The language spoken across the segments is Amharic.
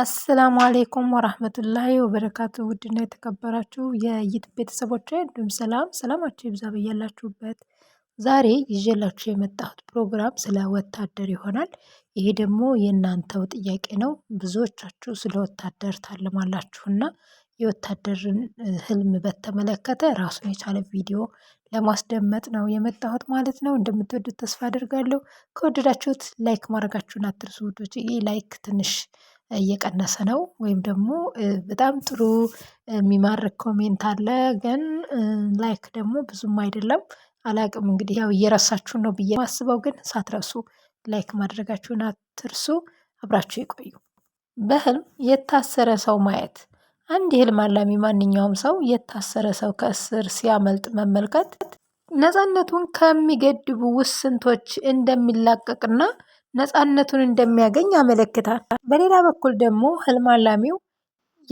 አሰላሙ አሌይኩም ወራህመቱላሂ ወበረካቱ። ውድና የተከበራችሁ የይት ቤተሰቦች እንዲሁም ሰላም ሰላማችሁ ይብዛ በያላችሁበት። ዛሬ ይዤላችሁ የመጣሁት ፕሮግራም ስለ ወታደር ይሆናል። ይሄ ደግሞ የእናንተው ጥያቄ ነው። ብዙዎቻችሁ ስለ ወታደር ታለማላችሁና የወታደርን ህልም በተመለከተ ራሱን የቻለ ቪዲዮ ለማስደመጥ ነው የመጣሁት ማለት ነው። እንደምትወዱት ተስፋ አድርጋለሁ። ከወደዳችሁት ላይክ ማድረጋችሁን አትርሱ ውዶች። ይህ ላይክ ትንሽ እየቀነሰ ነው ወይም ደግሞ በጣም ጥሩ የሚማርክ ኮሜንት አለ ግን ላይክ ደግሞ ብዙም አይደለም አላቅም እንግዲህ ያው እየረሳችሁን ነው ብዬ ማስበው ግን ሳትረሱ ላይክ ማድረጋችሁን አትርሱ አብራችሁ ይቆዩ። በህልም የታሰረ ሰው ማየት አንድ የህልም አላሚ ማንኛውም ሰው የታሰረ ሰው ከእስር ሲያመልጥ መመልከት ነፃነቱን ከሚገድቡ ውስንቶች እንደሚላቀቅና ነፃነቱን እንደሚያገኝ ያመለክታል። በሌላ በኩል ደግሞ ህልም አላሚው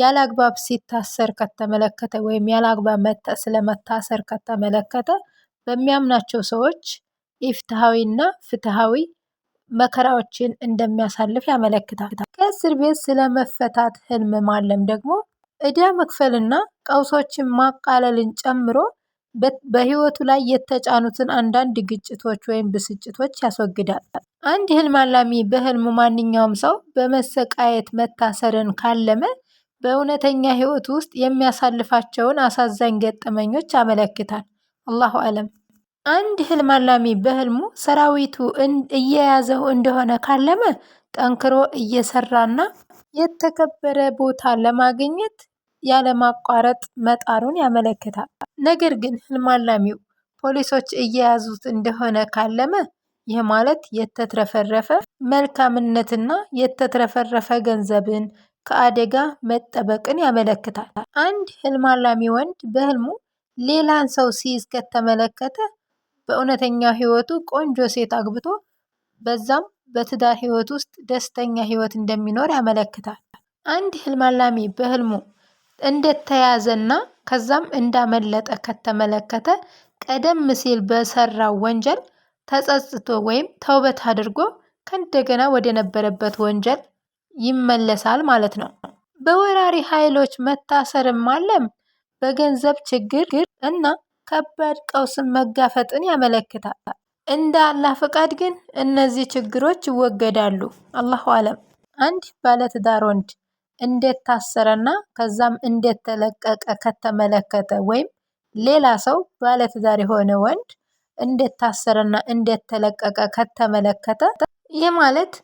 ያለ አግባብ ሲታሰር ከተመለከተ ወይም ያለ አግባብ ስለመታሰር ከተመለከተ በሚያምናቸው ሰዎች ኢፍትሐዊና ፍትሃዊ መከራዎችን እንደሚያሳልፍ ያመለክታል። ከእስር ቤት ስለመፈታት ህልም ማለም ደግሞ እዳ መክፈልና ቀውሶችን ማቃለልን ጨምሮ በህይወቱ ላይ የተጫኑትን አንዳንድ ግጭቶች ወይም ብስጭቶች ያስወግዳል። አንድ ህልም አላሚ በህልሙ ማንኛውም ሰው በመሰቃየት መታሰርን ካለመ በእውነተኛ ህይወት ውስጥ የሚያሳልፋቸውን አሳዛኝ ገጠመኞች ያመለክታል። አላሁ አለም። አንድ ህልም አላሚ በህልሙ ሰራዊቱ እየያዘው እንደሆነ ካለመ ጠንክሮ እየሰራና የተከበረ ቦታ ለማግኘት ያለማቋረጥ መጣሩን ያመለክታል። ነገር ግን ህልም አላሚው ፖሊሶች እየያዙት እንደሆነ ካለመ ይህ ማለት የተትረፈረፈ መልካምነትና የተትረፈረፈ ገንዘብን ከአደጋ መጠበቅን ያመለክታል። አንድ ህልም አላሚ ወንድ በህልሙ ሌላን ሰው ሲይዝ ከተመለከተ በእውነተኛ ህይወቱ ቆንጆ ሴት አግብቶ በዛም በትዳር ህይወት ውስጥ ደስተኛ ህይወት እንደሚኖር ያመለክታል። አንድ ህልም አላሚ በህልሙ እንደተያዘና ከዛም እንዳመለጠ ከተመለከተ ቀደም ሲል በሰራው ወንጀል ተጸጽቶ ወይም ተውበት አድርጎ ከእንደገና ወደ ነበረበት ወንጀል ይመለሳል ማለት ነው። በወራሪ ኃይሎች መታሰርም አለም በገንዘብ ችግር እና ከባድ ቀውስን መጋፈጥን ያመለክታል። እንደ አላህ ፈቃድ ግን እነዚህ ችግሮች ይወገዳሉ። አላሁ አለም። አንድ ባለትዳር ወንድ እንዴት ታሰረና ከዛም እንዴት ተለቀቀ ከተመለከተ ወይም ሌላ ሰው ባለትዳር የሆነ ወንድ እንዴት ታሰረና እንዴት ተለቀቀ ከተመለከተ ይህ ማለት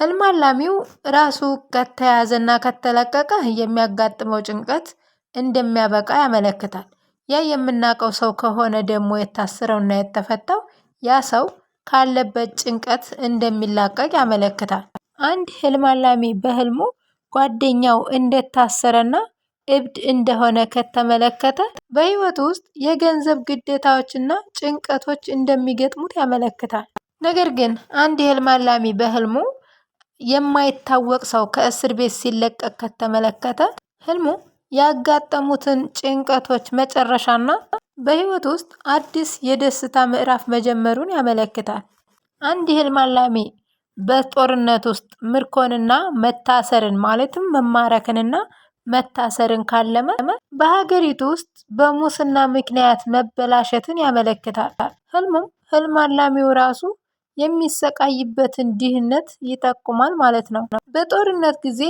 ህልም አላሚው ራሱ ከተያዘና ከተለቀቀ የሚያጋጥመው ጭንቀት እንደሚያበቃ ያመለክታል። ያ የምናውቀው ሰው ከሆነ ደግሞ የታሰረውና የተፈታው ያ ሰው ካለበት ጭንቀት እንደሚላቀቅ ያመለክታል። አንድ ህልም አላሚ በህልሙ ጓደኛው እንደታሰረና እብድ እንደሆነ ከተመለከተ በህይወቱ ውስጥ የገንዘብ ግዴታዎችና ጭንቀቶች እንደሚገጥሙት ያመለክታል። ነገር ግን አንድ የህልም አላሚ በህልሙ የማይታወቅ ሰው ከእስር ቤት ሲለቀቅ ከተመለከተ ህልሙ ያጋጠሙትን ጭንቀቶች መጨረሻና በህይወት ውስጥ አዲስ የደስታ ምዕራፍ መጀመሩን ያመለክታል። አንድ የህልም አላሚ በጦርነት ውስጥ ምርኮንና መታሰርን ማለትም መማረክንና መታሰርን ካለመ በሀገሪቱ ውስጥ በሙስና ምክንያት መበላሸትን ያመለክታል። ህልሙም ህልም አላሚው ራሱ የሚሰቃይበትን ድህነት ይጠቁማል ማለት ነው። በጦርነት ጊዜ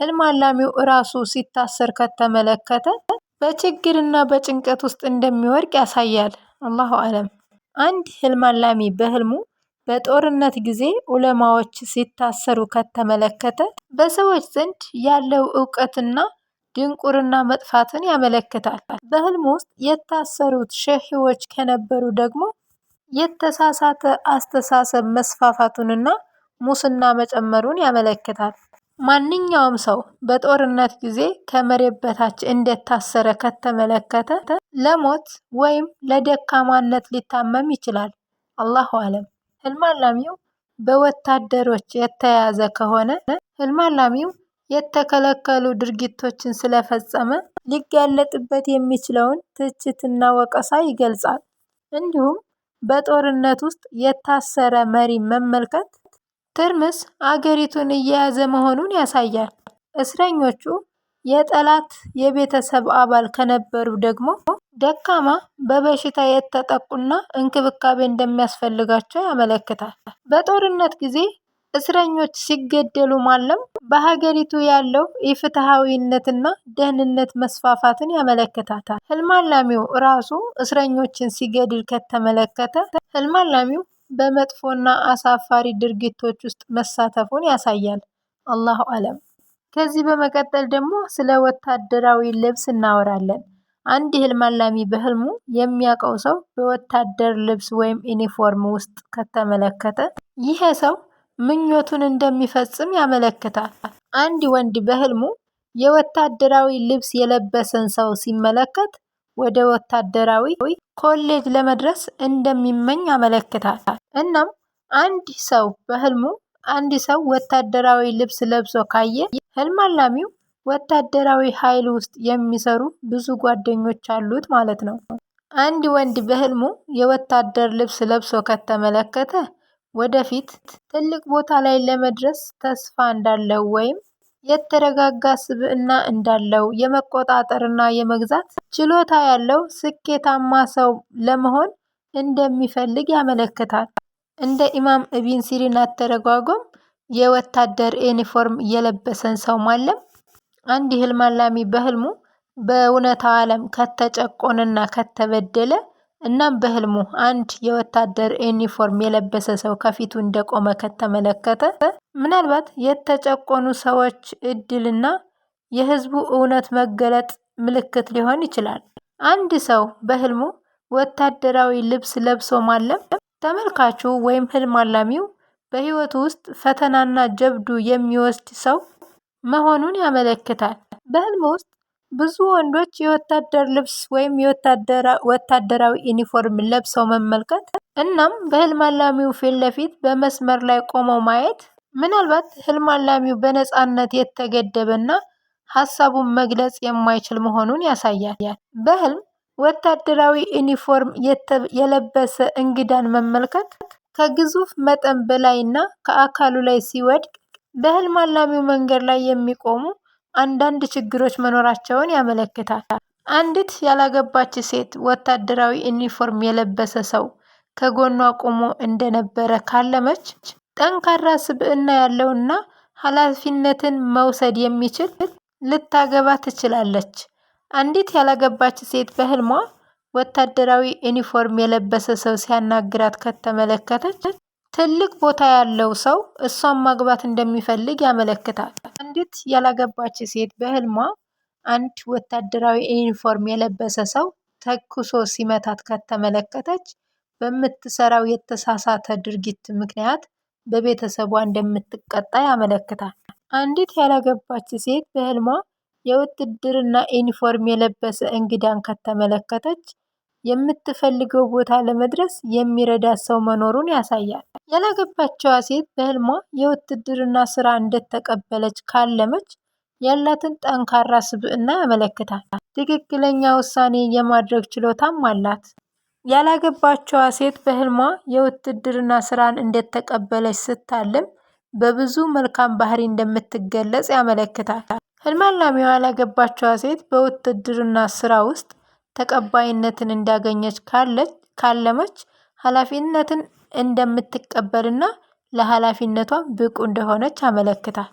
ህልም አላሚው ራሱ ሲታሰር ከተመለከተ በችግርና በጭንቀት ውስጥ እንደሚወድቅ ያሳያል። አላሁ አለም። አንድ ህልም አላሚ በህልሙ በጦርነት ጊዜ ዑለማዎች ሲታሰሩ ከተመለከተ በሰዎች ዘንድ ያለው እውቀትና ድንቁርና መጥፋትን ያመለክታል። በህልም ውስጥ የታሰሩት ሸሂዎች ከነበሩ ደግሞ የተሳሳተ አስተሳሰብ መስፋፋቱንና ሙስና መጨመሩን ያመለክታል። ማንኛውም ሰው በጦርነት ጊዜ ከመሬት በታች እንደታሰረ ከተመለከተ ለሞት ወይም ለደካማነት ሊታመም ይችላል። አላሁ አለም። ህልም አላሚው በወታደሮች የተያዘ ከሆነ ህልም አላሚው የተከለከሉ ድርጊቶችን ስለፈጸመ ሊጋለጥበት የሚችለውን ትችትና ወቀሳ ይገልጻል። እንዲሁም በጦርነት ውስጥ የታሰረ መሪ መመልከት ትርምስ አገሪቱን እየያዘ መሆኑን ያሳያል። እስረኞቹ የጠላት የቤተሰብ አባል ከነበሩ ደግሞ ደካማ፣ በበሽታ የተጠቁና እንክብካቤ እንደሚያስፈልጋቸው ያመለክታል። በጦርነት ጊዜ እስረኞች ሲገደሉ ማለም በሀገሪቱ ያለው የፍትሐዊነትና ደህንነት መስፋፋትን ያመለክታታል። ህልማላሚው ራሱ እስረኞችን ሲገድል ከተመለከተ ህልማላሚው በመጥፎና አሳፋሪ ድርጊቶች ውስጥ መሳተፉን ያሳያል። አላሁ አለም። ከዚህ በመቀጠል ደግሞ ስለ ወታደራዊ ልብስ እናወራለን። አንድ ህልማላሚ አላሚ በሕልሙ የሚያውቀው ሰው በወታደር ልብስ ወይም ዩኒፎርም ውስጥ ከተመለከተ፣ ይህ ሰው ምኞቱን እንደሚፈጽም ያመለክታል። አንድ ወንድ በህልሙ የወታደራዊ ልብስ የለበሰን ሰው ሲመለከት፣ ወደ ወታደራዊ ኮሌጅ ለመድረስ እንደሚመኝ ያመለክታል። እናም አንድ ሰው በህልሙ አንድ ሰው ወታደራዊ ልብስ ለብሶ ካየ፣ ሕልም አላሚው ወታደራዊ ኃይል ውስጥ የሚሰሩ ብዙ ጓደኞች አሉት ማለት ነው። አንድ ወንድ በህልሙ የወታደር ልብስ ለብሶ ከተመለከተ ወደፊት ትልቅ ቦታ ላይ ለመድረስ ተስፋ እንዳለው ወይም የተረጋጋ ስብዕና እንዳለው የመቆጣጠርና የመግዛት ችሎታ ያለው ስኬታማ ሰው ለመሆን እንደሚፈልግ ያመለክታል። እንደ ኢማም እቢን ሲሪን አተረጓጎም የወታደር ዩኒፎርም የለበሰን ሰው ማለም አንድ የህልም አላሚ በህልሙ በእውነታው ዓለም ከተጨቆነና ከተበደለ እናም በህልሙ አንድ የወታደር ዩኒፎርም የለበሰ ሰው ከፊቱ እንደቆመ ከተመለከተ ምናልባት የተጨቆኑ ሰዎች እድልና የህዝቡ እውነት መገለጥ ምልክት ሊሆን ይችላል። አንድ ሰው በህልሙ ወታደራዊ ልብስ ለብሶ ማለም ተመልካቹ ወይም ህልም አላሚው በህይወቱ ውስጥ ፈተናና ጀብዱ የሚወስድ ሰው መሆኑን ያመለክታል። በህልም ውስጥ ብዙ ወንዶች የወታደር ልብስ ወይም ወታደራዊ ዩኒፎርም ለብሰው መመልከት፣ እናም በህልም አላሚው ፊት ለፊት በመስመር ላይ ቆመው ማየት፣ ምናልባት ህልም አላሚው በነፃነት የተገደበ እና ሀሳቡን መግለጽ የማይችል መሆኑን ያሳያል። በህልም ወታደራዊ ዩኒፎርም የለበሰ እንግዳን መመልከት ከግዙፍ መጠን በላይ እና ከአካሉ ላይ ሲወድቅ በህልም አላሚው መንገድ ላይ የሚቆሙ አንዳንድ ችግሮች መኖራቸውን ያመለክታል። አንዲት ያላገባች ሴት ወታደራዊ ዩኒፎርም የለበሰ ሰው ከጎኗ ቆሞ እንደነበረ ካለመች፣ ጠንካራ ስብዕና ያለውና ኃላፊነትን መውሰድ የሚችል ልታገባ ትችላለች። አንዲት ያላገባች ሴት በህልሟ ወታደራዊ ዩኒፎርም የለበሰ ሰው ሲያናግራት ከተመለከተች ትልቅ ቦታ ያለው ሰው እሷን ማግባት እንደሚፈልግ ያመለክታል። አንዲት ያላገባች ሴት በህልሟ አንድ ወታደራዊ ዩኒፎርም የለበሰ ሰው ተኩሶ ሲመታት ከተመለከተች፣ በምትሰራው የተሳሳተ ድርጊት ምክንያት በቤተሰቧ እንደምትቀጣ ያመለክታል። አንዲት ያላገባች ሴት በህልሟ የውትድርና ዩኒፎርም የለበሰ እንግዳን ከተመለከተች፣ የምትፈልገው ቦታ ለመድረስ የሚረዳ ሰው መኖሩን ያሳያል። ያላገባቸዋ ሴት በህልሟ የውትድርና ስራ እንደተቀበለች ካለመች ያላትን ጠንካራ ስብዕና ያመለክታል። ትክክለኛ ውሳኔ የማድረግ ችሎታም አላት። ያላገባቸዋ ሴት በህልሟ የውትድርና ስራን እንደተቀበለች ስታልም በብዙ መልካም ባህሪ እንደምትገለጽ ያመለክታል። ህልማላሚዋ ያላገባቸዋ ሴት በውትድርና ስራ ውስጥ ተቀባይነትን እንዳገኘች ካለመች ኃላፊነትን እንደምትቀበልና ለሀላፊነቷ ብቁ እንደሆነች አመለክታል።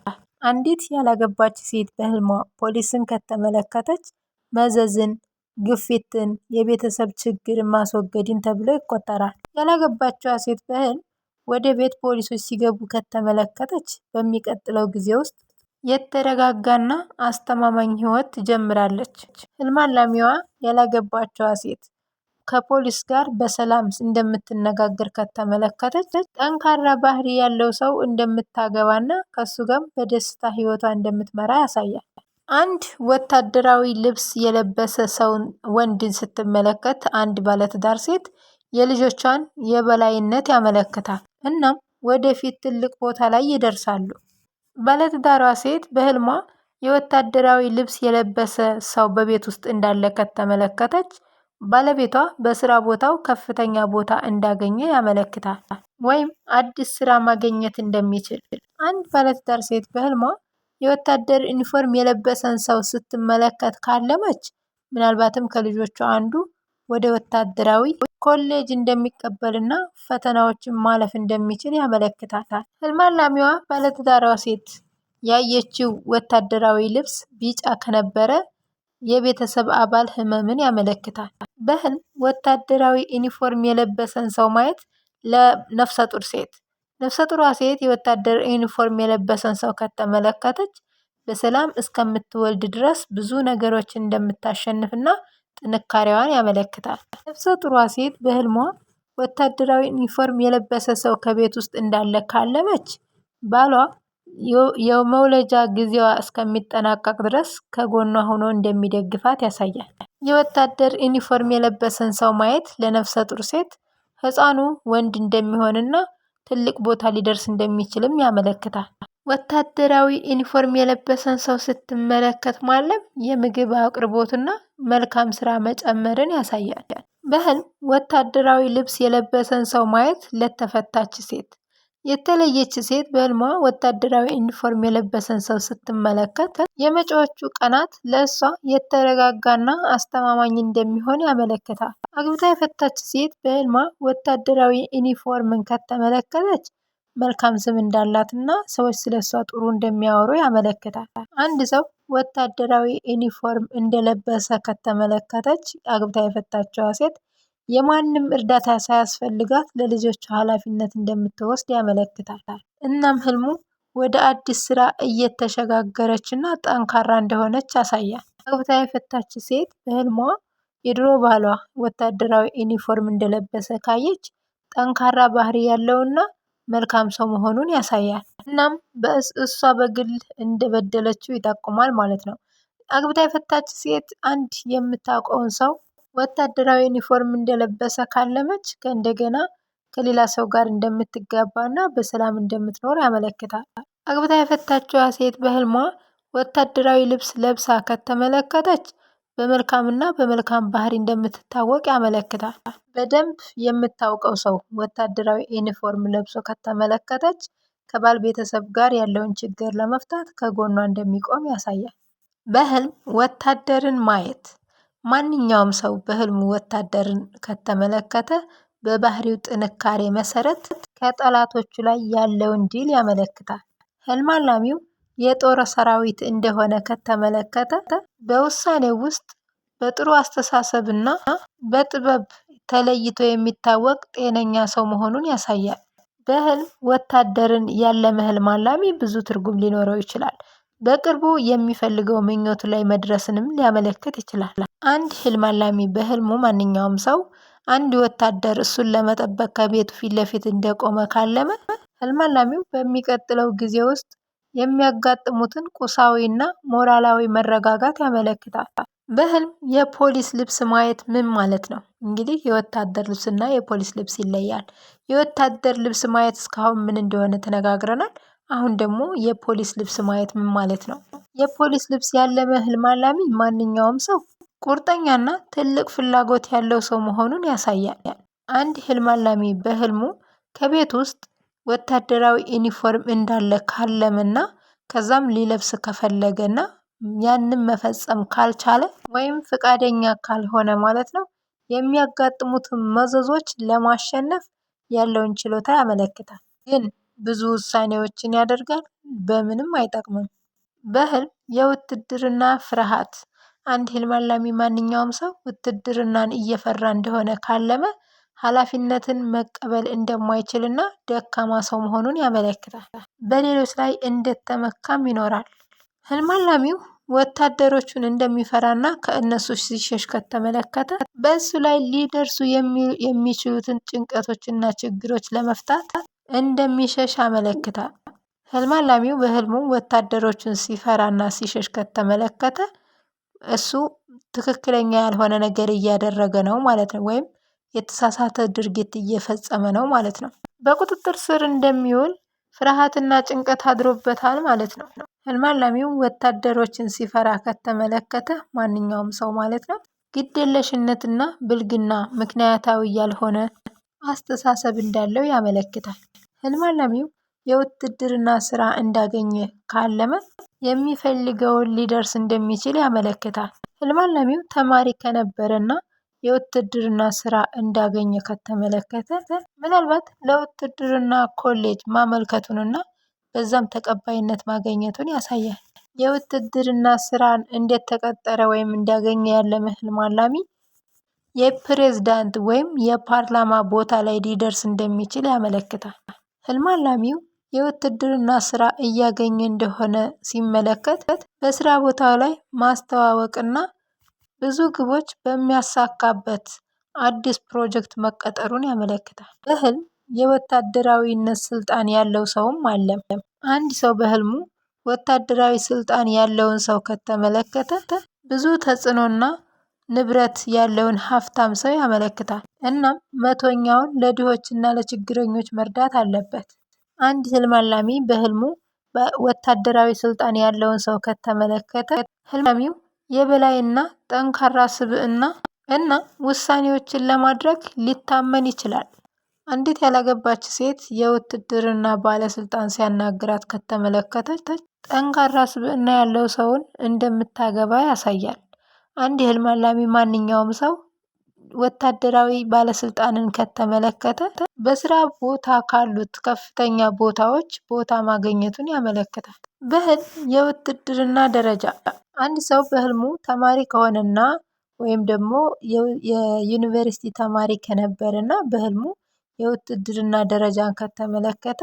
አንዲት ያላገባች ሴት በህልሟ ፖሊስን ከተመለከተች መዘዝን፣ ግፊትን፣ የቤተሰብ ችግርን ማስወገድን ተብሎ ይቆጠራል። ያላገባችዋ ሴት በህል ወደ ቤት ፖሊሶች ሲገቡ ከተመለከተች በሚቀጥለው ጊዜ ውስጥ የተረጋጋና አስተማማኝ ህይወት ትጀምራለች። ህልማላሚዋ ያላገባችዋ ሴት ከፖሊስ ጋር በሰላም እንደምትነጋገር ከተመለከተች ጠንካራ ባህሪ ያለው ሰው እንደምታገባና ከሱ ጋር በደስታ ህይወቷ እንደምትመራ ያሳያል። አንድ ወታደራዊ ልብስ የለበሰ ሰው ወንድን ስትመለከት አንድ ባለትዳር ሴት የልጆቿን የበላይነት ያመለክታል። እናም ወደፊት ትልቅ ቦታ ላይ ይደርሳሉ። ባለትዳሯ ሴት በህልሟ የወታደራዊ ልብስ የለበሰ ሰው በቤት ውስጥ እንዳለ ከተመለከተች፣ ባለቤቷ በስራ ቦታው ከፍተኛ ቦታ እንዳገኘ ያመለክታል ወይም አዲስ ስራ ማግኘት እንደሚችል። አንድ ባለትዳር ሴት በህልሟ የወታደር ዩኒፎርም የለበሰን ሰው ስትመለከት ካለመች፣ ምናልባትም ከልጆቿ አንዱ ወደ ወታደራዊ ኮሌጅ እንደሚቀበልና ፈተናዎችን ማለፍ እንደሚችል ያመለክታታል። ህልም አላሚዋ ባለትዳሯ ሴት ያየችው ወታደራዊ ልብስ ቢጫ ከነበረ የቤተሰብ አባል ህመምን ያመለክታል። በህልም ወታደራዊ ዩኒፎርም የለበሰን ሰው ማየት ለነፍሰ ጡር ሴት ነፍሰ ጡሯ ሴት የወታደር ዩኒፎርም የለበሰን ሰው ከተመለከተች በሰላም እስከምትወልድ ድረስ ብዙ ነገሮችን እንደምታሸንፍና ጥንካሬዋን ያመለክታል። ነፍሰ ጡሯ ሴት በህልሟ ወታደራዊ ዩኒፎርም የለበሰ ሰው ከቤት ውስጥ እንዳለ ካለመች ባሏ የመውለጃ ጊዜዋ እስከሚጠናቀቅ ድረስ ከጎኗ ሆኖ እንደሚደግፋት ያሳያል። የወታደር ዩኒፎርም የለበሰን ሰው ማየት ለነፍሰ ጡር ሴት ህፃኑ ወንድ እንደሚሆንና ትልቅ ቦታ ሊደርስ እንደሚችልም ያመለክታል። ወታደራዊ ዩኒፎርም የለበሰን ሰው ስትመለከት ማለም የምግብ አቅርቦትና መልካም ስራ መጨመርን ያሳያል። በህልም ወታደራዊ ልብስ የለበሰን ሰው ማየት ለተፈታች ሴት። የተለየች ሴት በህልሟ ወታደራዊ ዩኒፎርም የለበሰን ሰው ስትመለከት የመጪዎቹ ቀናት ለእሷ የተረጋጋና አስተማማኝ እንደሚሆን ያመለክታል። አግብታ የፈታች ሴት በህልሟ ወታደራዊ ዩኒፎርምን ከተመለከተች መልካም ስም እንዳላትና ሰዎች ስለእሷ ጥሩ እንደሚያወሩ ያመለክታል። አንድ ሰው ወታደራዊ ዩኒፎርም እንደለበሰ ከተመለከተች አግብታ የፈታችዋ ሴት የማንም እርዳታ ሳያስፈልጋት ለልጆቿ ኃላፊነት እንደምትወስድ ያመለክታታል እናም ህልሙ ወደ አዲስ ስራ እየተሸጋገረች እና ጠንካራ እንደሆነች ያሳያል። አግብታ የፈታች ሴት በህልሟ የድሮ ባሏ ወታደራዊ ዩኒፎርም እንደለበሰ ካየች ጠንካራ ባህሪ ያለውና መልካም ሰው መሆኑን ያሳያል። እናም እሷ በግል እንደበደለችው ይጠቁማል ማለት ነው። አግብታ የፈታች ሴት አንድ የምታውቀውን ሰው ወታደራዊ ዩኒፎርም እንደለበሰ ካለመች ከእንደገና ከሌላ ሰው ጋር እንደምትጋባ እና በሰላም እንደምትኖር ያመለክታል። አግብታ የፈታችው ሴት በህልሟ ወታደራዊ ልብስ ለብሳ ከተመለከተች በመልካምና በመልካም ባህሪ እንደምትታወቅ ያመለክታል። በደንብ የምታውቀው ሰው ወታደራዊ ዩኒፎርም ለብሶ ከተመለከተች ከባል ቤተሰብ ጋር ያለውን ችግር ለመፍታት ከጎኗ እንደሚቆም ያሳያል። በህልም ወታደርን ማየት ማንኛውም ሰው በህልሙ ወታደርን ከተመለከተ በባህሪው ጥንካሬ መሰረት ከጠላቶቹ ላይ ያለውን ድል ያመለክታል። ህልም አላሚው የጦር ሰራዊት እንደሆነ ከተመለከተ በውሳኔው ውስጥ በጥሩ አስተሳሰብና በጥበብ ተለይቶ የሚታወቅ ጤነኛ ሰው መሆኑን ያሳያል። በህልም ወታደርን ያለመ ህልም አላሚ ብዙ ትርጉም ሊኖረው ይችላል። በቅርቡ የሚፈልገው ምኞቱ ላይ መድረስንም ሊያመለክት ይችላል። አንድ ህልም አላሚ በህልሙ ማንኛውም ሰው አንድ ወታደር እሱን ለመጠበቅ ከቤቱ ፊት ለፊት እንደቆመ ካለመ ህልም አላሚው በሚቀጥለው ጊዜ ውስጥ የሚያጋጥሙትን ቁሳዊ እና ሞራላዊ መረጋጋት ያመለክታል። በህልም የፖሊስ ልብስ ማየት ምን ማለት ነው? እንግዲህ የወታደር ልብስና የፖሊስ ልብስ ይለያል። የወታደር ልብስ ማየት እስካሁን ምን እንደሆነ ተነጋግረናል። አሁን ደግሞ የፖሊስ ልብስ ማየት ምን ማለት ነው? የፖሊስ ልብስ ያለመ ህልም አላሚ ማንኛውም ሰው ቁርጠኛና ትልቅ ፍላጎት ያለው ሰው መሆኑን ያሳያል። አንድ ህልም አላሚ በህልሙ ከቤት ውስጥ ወታደራዊ ዩኒፎርም እንዳለ ካለመና ከዛም ሊለብስ ከፈለገና ያንን መፈጸም ካልቻለ ወይም ፈቃደኛ ካልሆነ ማለት ነው የሚያጋጥሙትን መዘዞች ለማሸነፍ ያለውን ችሎታ ያመለክታል። ግን ብዙ ውሳኔዎችን ያደርጋል፣ በምንም አይጠቅምም። በህልም የውትድርና ፍርሃት አንድ ህልም አላሚ ማንኛውም ሰው ውትድርናን እየፈራ እንደሆነ ካለመ ኃላፊነትን መቀበል እና ደካማ ሰው መሆኑን ያመለክታል። በሌሎች ላይ እንደተመካም ይኖራል። ህልም አላሚው ወታደሮቹን እንደሚፈራና ከእነሱ ሲሸሽ ከተመለከተ በእሱ ላይ ሊደርሱ የሚችሉትን ጭንቀቶችና ችግሮች ለመፍታት እንደሚሸሽ ያመለክታል። ህልም አላሚው በህልሙ ወታደሮቹን ሲፈራና ሲሸሽ ከተመለከተ እሱ ትክክለኛ ያልሆነ ነገር እያደረገ ነው ማለት ነው ወይም የተሳሳተ ድርጊት እየፈጸመ ነው ማለት ነው። በቁጥጥር ስር እንደሚውል ፍርሃትና ጭንቀት አድሮበታል ማለት ነው። ህልም አላሚው ወታደሮችን ሲፈራ ከተመለከተ ማንኛውም ሰው ማለት ነው ግድየለሽነትና ብልግና ምክንያታዊ ያልሆነ አስተሳሰብ እንዳለው ያመለክታል። ህልም አላሚው የውትድርና ስራ እንዳገኘ ካለመ የሚፈልገውን ሊደርስ እንደሚችል ያመለክታል። ህልም አላሚው ተማሪ ከነበረና የውትድርና ስራ እንዳገኘ ከተመለከተ ምናልባት ለውትድርና ኮሌጅ ማመልከቱንና በዛም ተቀባይነት ማገኘቱን ያሳያል። የውትድርና ስራን እንዴት ተቀጠረ ወይም እንዲያገኘ ያለ ህልም አላሚ የፕሬዝዳንት ወይም የፓርላማ ቦታ ላይ ሊደርስ እንደሚችል ያመለክታል። ህልም አላሚው የውትድርና ስራ እያገኘ እንደሆነ ሲመለከት በስራ ቦታው ላይ ማስተዋወቅና ብዙ ግቦች በሚያሳካበት አዲስ ፕሮጀክት መቀጠሩን ያመለክታል። በህልም የወታደራዊነት ስልጣን ያለው ሰውም አለ። አንድ ሰው በህልሙ ወታደራዊ ስልጣን ያለውን ሰው ከተመለከተ ብዙ ተጽዕኖና ንብረት ያለውን ሀብታም ሰው ያመለክታል። እናም መቶኛውን ለድሆችና ለችግረኞች መርዳት አለበት። አንድ ህልም አላሚ በህልሙ ወታደራዊ ስልጣን ያለውን ሰው ከተመለከተ ህልማሚው የበላይና ጠንካራ ስብዕና እና ውሳኔዎችን ለማድረግ ሊታመን ይችላል። አንዲት ያላገባች ሴት የውትድርና ባለስልጣን ሲያናግራት ከተመለከተች፣ ጠንካራ ስብዕና ያለው ሰውን እንደምታገባ ያሳያል። አንድ የህልም አላሚ ማንኛውም ሰው ወታደራዊ ባለስልጣንን ከተመለከተ፣ በሥራ ቦታ ካሉት ከፍተኛ ቦታዎች ቦታ ማግኘቱን ያመለክታል። በህል የውትድርና ደረጃ አንድ ሰው በህልሙ ተማሪ ከሆነና ወይም ደግሞ የዩኒቨርሲቲ ተማሪ ከነበር እና በህልሙ የውትድርና ደረጃን ከተመለከተ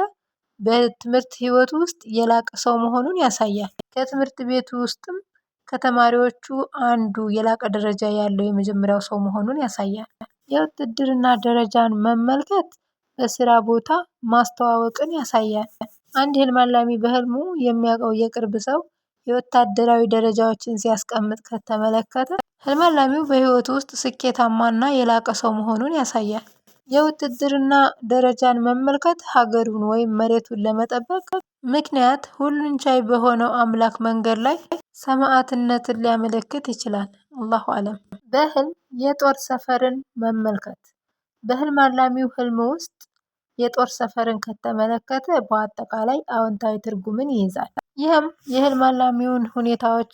በትምህርት ህይወቱ ውስጥ የላቀ ሰው መሆኑን ያሳያል። ከትምህርት ቤቱ ውስጥም ከተማሪዎቹ አንዱ የላቀ ደረጃ ያለው የመጀመሪያው ሰው መሆኑን ያሳያል። የውትድርና ደረጃን መመልከት በስራ ቦታ ማስተዋወቅን ያሳያል። አንድ ህልም አላሚ በህልሙ የሚያውቀው የቅርብ ሰው የወታደራዊ ደረጃዎችን ሲያስቀምጥ ከተመለከተ ህልመላሚው አላሚው በሕይወቱ ውስጥ ስኬታማና የላቀ ሰው መሆኑን ያሳያል። የውትድርና ደረጃን መመልከት ሀገሩን ወይም መሬቱን ለመጠበቅ ምክንያት ሁሉን ቻይ በሆነው አምላክ መንገድ ላይ ሰማዕትነትን ሊያመለክት ይችላል። አላሁ አለም። በህልም የጦር ሰፈርን መመልከት በህልም አላሚው ህልም ውስጥ የጦር ሰፈርን ከተመለከተ በአጠቃላይ አዎንታዊ ትርጉምን ይይዛል። ይህም የህልም አላሚውን ሁኔታዎች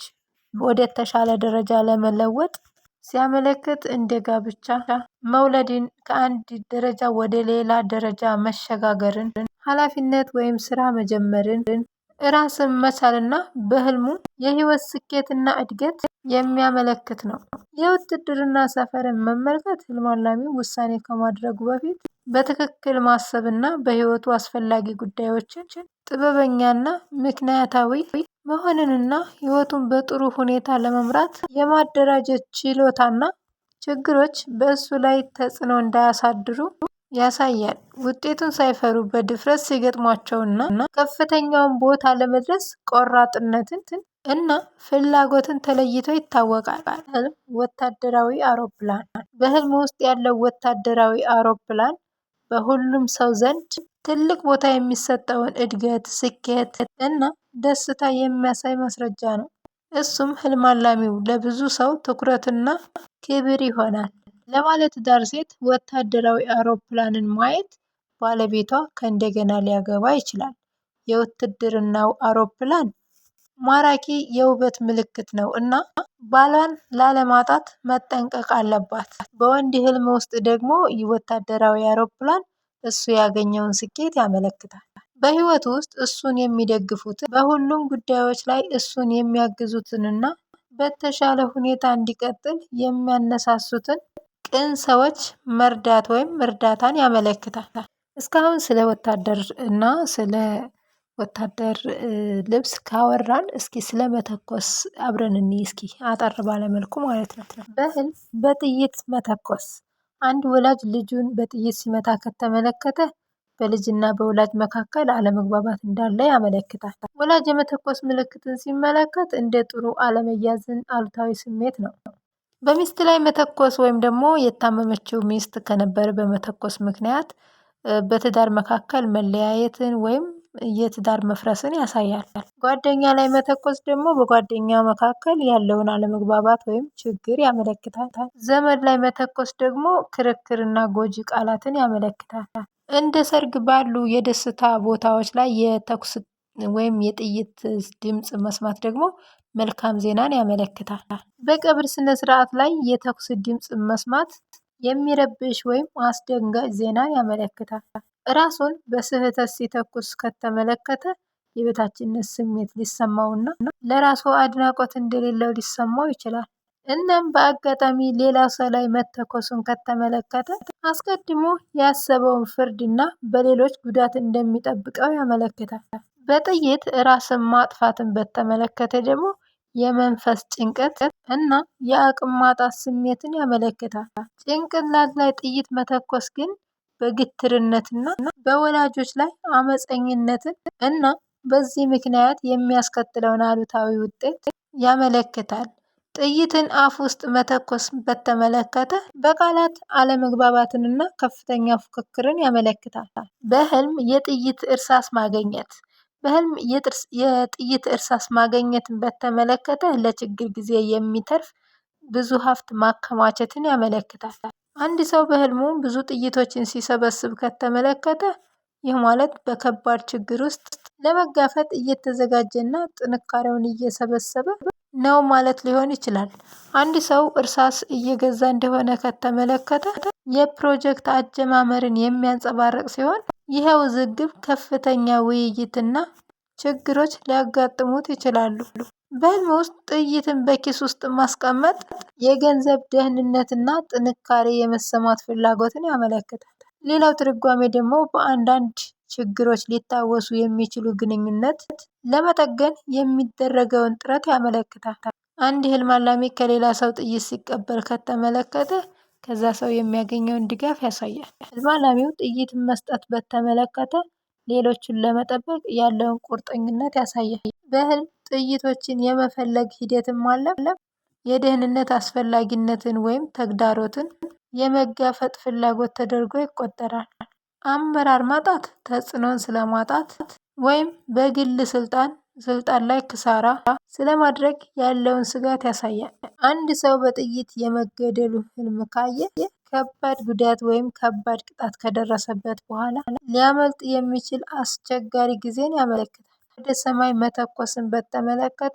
ወደ ተሻለ ደረጃ ለመለወጥ ሲያመለክት እንደ ጋብቻ መውለድን፣ ከአንድ ደረጃ ወደ ሌላ ደረጃ መሸጋገርን፣ ኃላፊነት ወይም ስራ መጀመርን፣ ራስን መቻልና በህልሙ የህይወት ስኬትና እድገት የሚያመለክት ነው። የውትድርና ሰፈርን መመልከት ህልም አላሚው ውሳኔ ከማድረጉ በፊት በትክክል ማሰብና በህይወቱ አስፈላጊ ጉዳዮችን ጥበበኛና ምክንያታዊ መሆንንና ህይወቱን በጥሩ ሁኔታ ለመምራት የማደራጀት ችሎታና ችግሮች በእሱ ላይ ተጽዕኖ እንዳያሳድሩ ያሳያል። ውጤቱን ሳይፈሩ በድፍረት ሲገጥሟቸውና ከፍተኛውን ቦታ ለመድረስ ቆራጥነትን እና ፍላጎትን ተለይቶ ይታወቃል። ህልም ወታደራዊ አውሮፕላን በህልም ውስጥ ያለው ወታደራዊ አውሮፕላን በሁሉም ሰው ዘንድ ትልቅ ቦታ የሚሰጠውን እድገት፣ ስኬት እና ደስታ የሚያሳይ ማስረጃ ነው። እሱም "ህልም አላሚው" ለብዙ ሰው ትኩረትና ክብር ይሆናል። ለባለትዳር ሴት ወታደራዊ አውሮፕላንን ማየት ባለቤቷ ከእንደገና ሊያገባ ይችላል። የውትድርናው አውሮፕላን ማራኪ የውበት ምልክት ነው እና ባሏን ላለማጣት መጠንቀቅ አለባት። በወንድ ህልም ውስጥ ደግሞ ወታደራዊ አውሮፕላን እሱ ያገኘውን ስኬት ያመለክታል። በህይወት ውስጥ እሱን የሚደግፉትን፣ በሁሉም ጉዳዮች ላይ እሱን የሚያግዙትንና በተሻለ ሁኔታ እንዲቀጥል የሚያነሳሱትን ቅን ሰዎች መርዳት ወይም እርዳታን ያመለክታል። እስካሁን ስለ ወታደር እና ስለ ወታደር ልብስ ካወራን እስኪ ስለመተኮስ አብረን እኒ እስኪ አጠር ባለመልኩ ማለት ነው። በህልም በጥይት መተኮስ አንድ ወላጅ ልጁን በጥይት ሲመታ ከተመለከተ በልጅና በወላጅ መካከል አለመግባባት እንዳለ ያመለክታል። ወላጅ የመተኮስ ምልክትን ሲመለከት እንደ ጥሩ አለመያዝን አሉታዊ ስሜት ነው። በሚስት ላይ መተኮስ ወይም ደግሞ የታመመችው ሚስት ከነበረ በመተኮስ ምክንያት በትዳር መካከል መለያየትን ወይም የትዳር መፍረስን ያሳያል። ጓደኛ ላይ መተኮስ ደግሞ በጓደኛ መካከል ያለውን አለመግባባት ወይም ችግር ያመለክታል። ዘመድ ላይ መተኮስ ደግሞ ክርክርና ጎጂ ቃላትን ያመለክታል። እንደ ሰርግ ባሉ የደስታ ቦታዎች ላይ የተኩስ ወይም የጥይት ድምፅ መስማት ደግሞ መልካም ዜናን ያመለክታል። በቀብር ስነ ስርዓት ላይ የተኩስ ድምፅ መስማት የሚረብሽ ወይም አስደንጋጭ ዜናን ያመለክታል። ራሱን በስህተት ሲተኩስ ከተመለከተ የበታችነት ስሜት ሊሰማውና ለራሱ አድናቆት እንደሌለው ሊሰማው ይችላል። እናም በአጋጣሚ ሌላ ሰው ላይ መተኮሱን ከተመለከተ አስቀድሞ ያሰበውን ፍርድ እና በሌሎች ጉዳት እንደሚጠብቀው ያመለክታል። በጥይት ራስን ማጥፋትን በተመለከተ ደግሞ የመንፈስ ጭንቀት እና የአቅም ማጣት ስሜትን ያመለክታል። ጭንቅላት ላይ ጥይት መተኮስ ግን በግትርነትና በወላጆች ላይ አመፀኝነትን እና በዚህ ምክንያት የሚያስከትለውን አሉታዊ ውጤት ያመለክታል። ጥይትን አፍ ውስጥ መተኮስ በተመለከተ በቃላት አለመግባባትንና ከፍተኛ ፉክክርን ያመለክታል። በህልም የጥይት እርሳስ ማገኘት በህልም የጥይት እርሳስ ማገኘትን በተመለከተ ለችግር ጊዜ የሚተርፍ ብዙ ሀብት ማከማቸትን ያመለክታል። አንድ ሰው በህልሙ ብዙ ጥይቶችን ሲሰበስብ ከተመለከተ ይህ ማለት በከባድ ችግር ውስጥ ለመጋፈጥ እየተዘጋጀና ጥንካሬውን እየሰበሰበ ነው ማለት ሊሆን ይችላል። አንድ ሰው እርሳስ እየገዛ እንደሆነ ከተመለከተ የፕሮጀክት አጀማመርን የሚያንጸባርቅ ሲሆን፣ ይህ ውዝግብ ከፍተኛ ውይይትና ችግሮች ሊያጋጥሙት ይችላሉ። በህልም ውስጥ ጥይትን በኪስ ውስጥ ማስቀመጥ የገንዘብ ደህንነትና ጥንካሬ የመሰማት ፍላጎትን ያመለክታል። ሌላው ትርጓሜ ደግሞ በአንዳንድ ችግሮች ሊታወሱ የሚችሉ ግንኙነት ለመጠገን የሚደረገውን ጥረት ያመለክታል። አንድ ህልም አላሚ ከሌላ ሰው ጥይት ሲቀበል ከተመለከተ ከዛ ሰው የሚያገኘውን ድጋፍ ያሳያል። ህልም አላሚው ጥይትን መስጠት በተመለከተ ሌሎችን ለመጠበቅ ያለውን ቁርጠኝነት ያሳያል። በህልም ጥይቶችን የመፈለግ ሂደትም አለ። የደህንነት አስፈላጊነትን ወይም ተግዳሮትን የመጋፈጥ ፍላጎት ተደርጎ ይቆጠራል። አመራር ማጣት ተጽዕኖን ስለማጣት ወይም በግል ስልጣን ስልጣን ላይ ክሳራ ስለማድረግ ያለውን ስጋት ያሳያል። አንድ ሰው በጥይት የመገደሉ ህልም ካየ ከባድ ጉዳት ወይም ከባድ ቅጣት ከደረሰበት በኋላ ሊያመልጥ የሚችል አስቸጋሪ ጊዜን ያመለክታል። ወደ ሰማይ መተኮስን በተመለከተ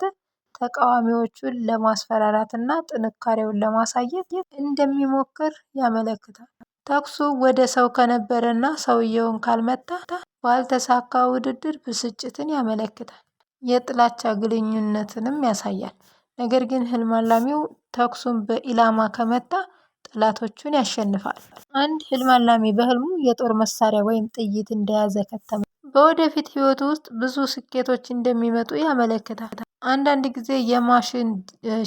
ተቃዋሚዎቹን ለማስፈራራት እና ጥንካሬውን ለማሳየት እንደሚሞክር ያመለክታል። ተኩሱ ወደ ሰው ከነበረ እና ሰውየውን ካልመታ ባልተሳካ ውድድር ብስጭትን ያመለክታል፣ የጥላቻ ግንኙነትንም ያሳያል። ነገር ግን ህልም አላሚው ተኩሱን በኢላማ ከመታ ጠላቶቹን ያሸንፋል። አንድ ህልም አላሚ በህልሙ የጦር መሳሪያ ወይም ጥይት እንደያዘ ከተመ በወደፊት ህይወት ውስጥ ብዙ ስኬቶች እንደሚመጡ ያመለክታል። አንዳንድ ጊዜ የማሽን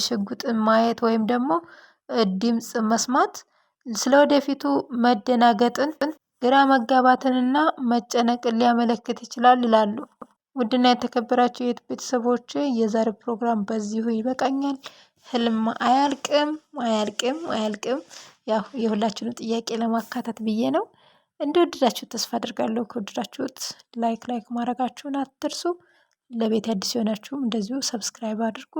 ሽጉጥን ማየት ወይም ደግሞ ድምፅ መስማት ስለወደፊቱ መደናገጥን፣ ግራ መጋባትንና መጨነቅን ሊያመለክት ይችላል ይላሉ። ውድና የተከበራቸው የት ቤተሰቦች የዛሬ ፕሮግራም በዚሁ ይበቃኛል። ህልም አያልቅም አያልቅም አያልቅም። ያው የሁላችንም ጥያቄ ለማካተት ብዬ ነው። እንደወደዳችሁ ተስፋ አድርጋለሁ። ከወደዳችሁት ላይክ ላይክ ማድረጋችሁን አትርሱ። ለቤት አዲስ የሆናችሁም እንደዚሁ ሰብስክራይብ አድርጉ።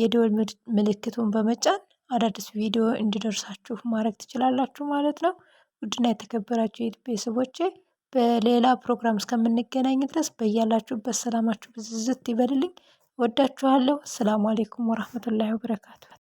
የደወል ምልክቱን በመጫን አዳዲስ ቪዲዮ እንዲደርሳችሁ ማድረግ ትችላላችሁ ማለት ነው። ውድና የተከበራችሁ የኢትዮጵያ ቤተሰቦቼ በሌላ ፕሮግራም እስከምንገናኝ ድረስ በያላችሁበት ሰላማችሁ ብዝዝት ይበልልኝ። ወዳችኋለሁ። ሰላም አሌይኩም ወራህመቱላሂ ወበረካቱ